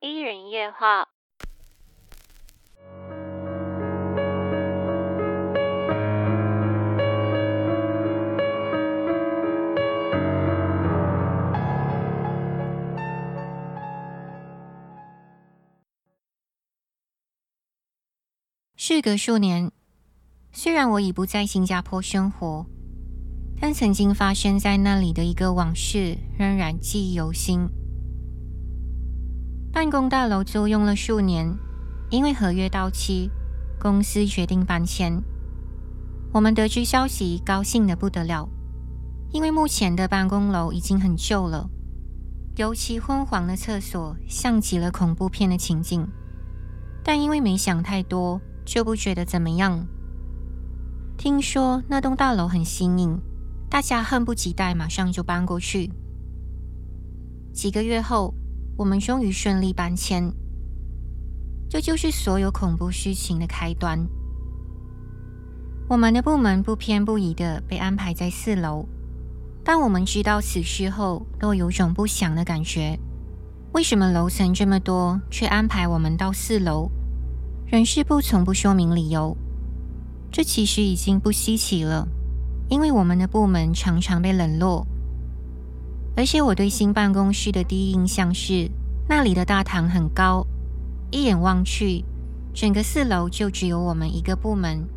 伊人夜話。事隔數年，雖然我已不在新加坡生活，但曾經發生在那裡的一個往事，仍然記憶猶新。辦公大樓租用了數年，因為合約到期，公司決定搬遷。我們得知消息，高興得不得了。因為目前的辦公樓已經很舊了，尤其昏黃的廁所像極了恐怖片的情景。但因為沒想太多，就不覺得怎麼樣。聽說那棟大樓很新穎，大家恨不及待，馬上就搬過去。幾個月後。我們終於順利搬遷，這就是所有恐怖事情的開端。我們的部門不偏不倚的被安排在四樓，當我們知道此事後，都有種不祥的感覺。為什麼樓層這麼多，卻安排我們到四樓？人事部從不說明理由，這其實已經不稀奇了，因為我們的部門常常被冷落。而且我對新辦公室的第一印象是，那裡的大堂很高，一眼望去，整個四樓就只有我們一個部門，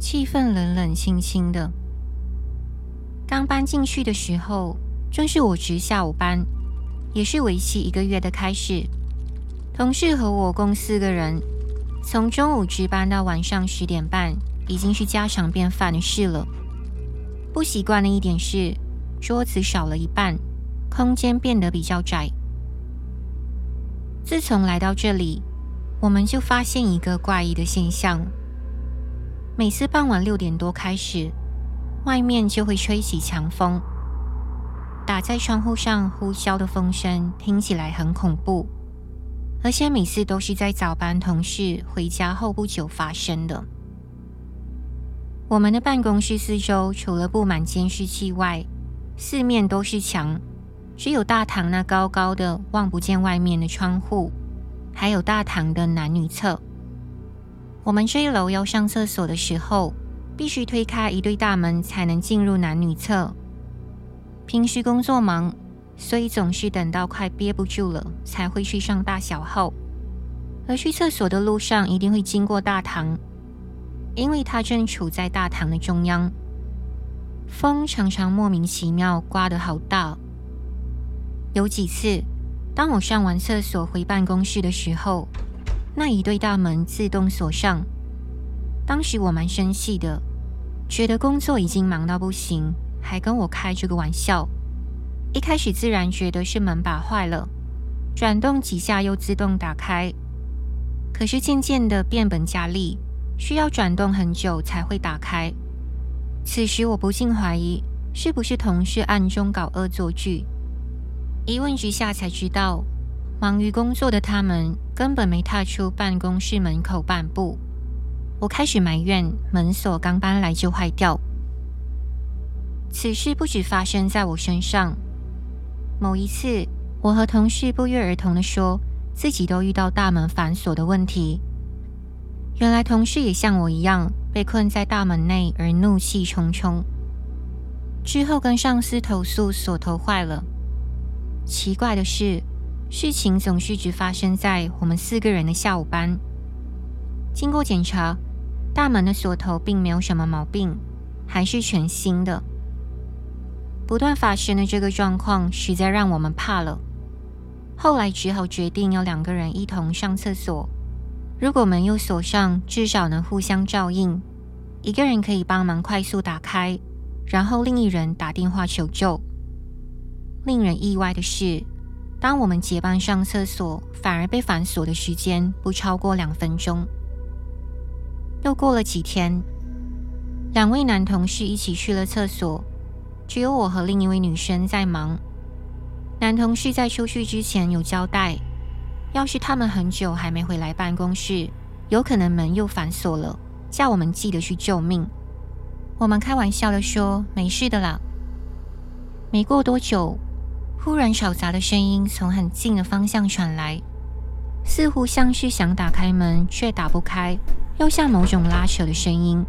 氣氛冷冷清清的。剛搬進去的時候，正是我值下午班，也是為期一個月的開始。同事和我共四個人，從中午值班到晚上十點半，已經是家常便飯的事了。不習慣的一點是。桌子少了一半，空間變得比較窄。自從來到這裡，我們就發現一個怪異的現象：每次傍晚六點多開始，外面就會吹起強風，打在窗戶上呼嘯的風聲聽起來很恐怖，而且每次都是在早班同事回家後不久發生的。我們的辦公室四周除了布滿監視器外，四面都是牆，只有大堂那高高的、望不見外面的窗戶，還有大堂的男女廁。我們這一樓要上廁所的時候，必須推開一對大門才能進入男女廁。平時工作忙，所以總是等到快憋不住了才會去上大小號。而去廁所的路上一定會經過大堂，因為它正處在大堂的中央。風常常莫名其妙颳得好大。有幾次，當我上完廁所回辦公室的時候，那一對大門自動鎖上。當時我蠻生氣的，覺得工作已經忙到不行，還跟我開這個玩笑。一開始自然覺得是門把壞了，轉動幾下又自動打開。可是漸漸的變本加厲，需要轉動很久才會打開。此時我不禁懷疑，是不是同事暗中搞惡作劇？一問之下才知道，忙於工作的他們根本沒踏出辦公室門口半步。我開始埋怨門鎖剛搬來就壞掉。此事不止發生在我身上，某一次，我和同事不約而同的說自己都遇到大門反鎖的問題。原來同事也像我一樣。被困在大門內而怒氣沖沖，之後跟上司投訴鎖頭壞了。奇怪的是，事情總是只發生在我們四個人的下午班。經過檢查，大門的鎖頭並沒有什麼毛病，還是全新的。不斷發生的這個狀況實在讓我們怕了，後來只好決定要兩個人一同上廁所。如果門又鎖上，至少能互相照應。一個人可以幫忙快速打開，然後另一人打電話求救。令人意外的是，當我們結伴上廁所，反而被反鎖的時間不超過兩分鐘。又過了幾天，兩位男同事一起去了廁所，只有我和另一位女生在忙。男同事在出去之前有交代。要是他們很久還沒回來辦公室，有可能門又反鎖了，叫我們記得去救命。我們開玩笑的說：“沒事的啦。”沒過多久，忽然吵雜的聲音從很近的方向傳來，似乎像是想打開門卻打不開，又像某種拉扯的聲音。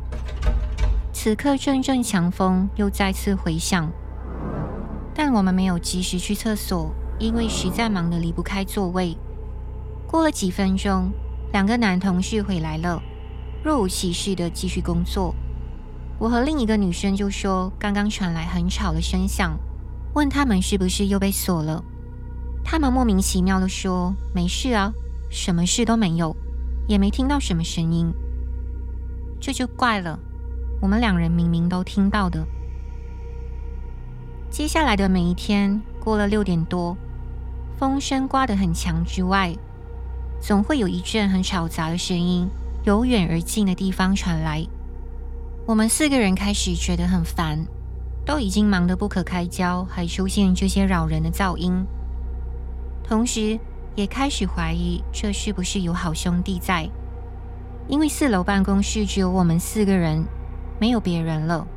此刻陣陣強風又再次回響，但我們沒有及時去廁所，因為實在忙得離不開座位。過了幾分鐘，兩個男同事回來了，若無其事的繼續工作。我和另一個女生就說：“剛剛傳來很吵的聲響，問他們是不是又被鎖了。”他們莫名其妙的說：“沒事啊，什麼事都沒有，也沒聽到什麼聲音。”這就怪了，我們兩人明明都聽到的。接下來的每一天，過了六點多，風聲刮得很強之外。總會有一陣很吵雜的聲音，由遠而近的地方傳來，我們四個人開始覺得很煩，都已經忙得不可開交，還出現這些擾人的噪音，同時也開始懷疑這是不是有好兄弟在，因為四樓辦公室只有我們四個人，沒有別人了。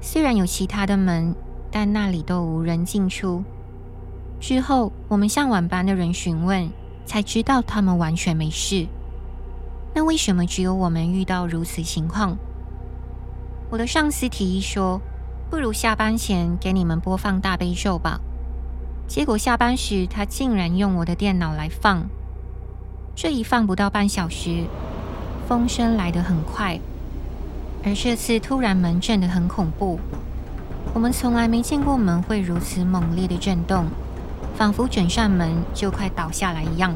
雖然有其他的門，但那裡都無人進出。之後，我們向晚班的人詢問。才知道他們完全沒事。那為什麼只有我們遇到如此情況？我的上司提議說：“不如下班前給你們播放大悲咒吧。”結果下班時，他竟然用我的電腦來放。這一放不到半小時，風聲來得很快。而這次突然門震得很恐怖，我們從來沒見過門會如此猛烈的震動。仿佛整扇門就快倒下來一樣。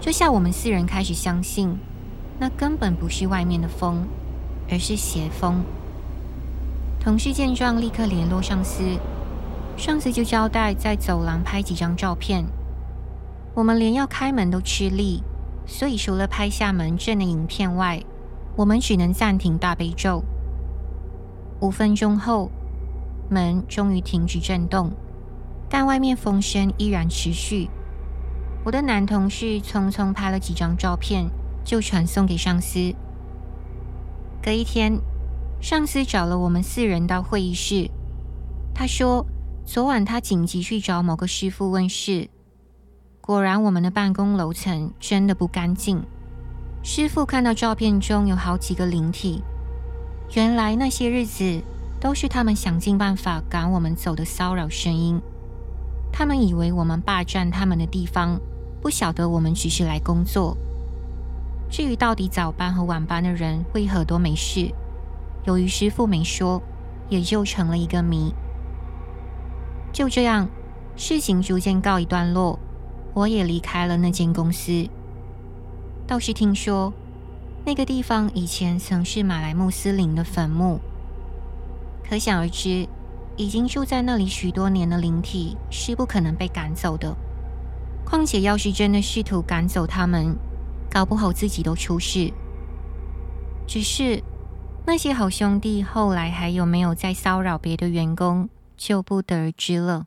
這下我們四人開始相信，那根本不是外面的風，而是邪風。同事見狀，立刻聯絡上司，上司就交代在走廊拍幾張照片。我們連要開門都吃力，所以除了拍下門震的影片外，我們只能暫停大悲咒。五分鐘後，門終於停止震動。但外面風聲依然持續。我的男同事匆匆拍了幾張照片，就傳送給上司。隔一天，上司找了我們四人到會議室。他說：“昨晚他緊急去找某個師傅問事，果然我們的辦公樓層真的不乾淨。師傅看到照片中有好幾個靈體，原來那些日子都是他們想盡辦法趕我們走的騷擾聲音。”他們以為我們霸占他們的地方，不曉得我們只是來工作。至於到底早班和晚班的人為何都沒事，由於師傅沒說，也就成了一個謎。就這樣，事情逐漸告一段落，我也離開了那間公司。倒是聽說，那個地方以前曾是馬來穆斯林的墳墓。可想而知。已經住在那裡許多年的靈體是不可能被趕走的。況且，要是真的試圖趕走他們，搞不好自己都出事。只是那些好兄弟後來還有沒有再騷擾別的員工，就不得而知了。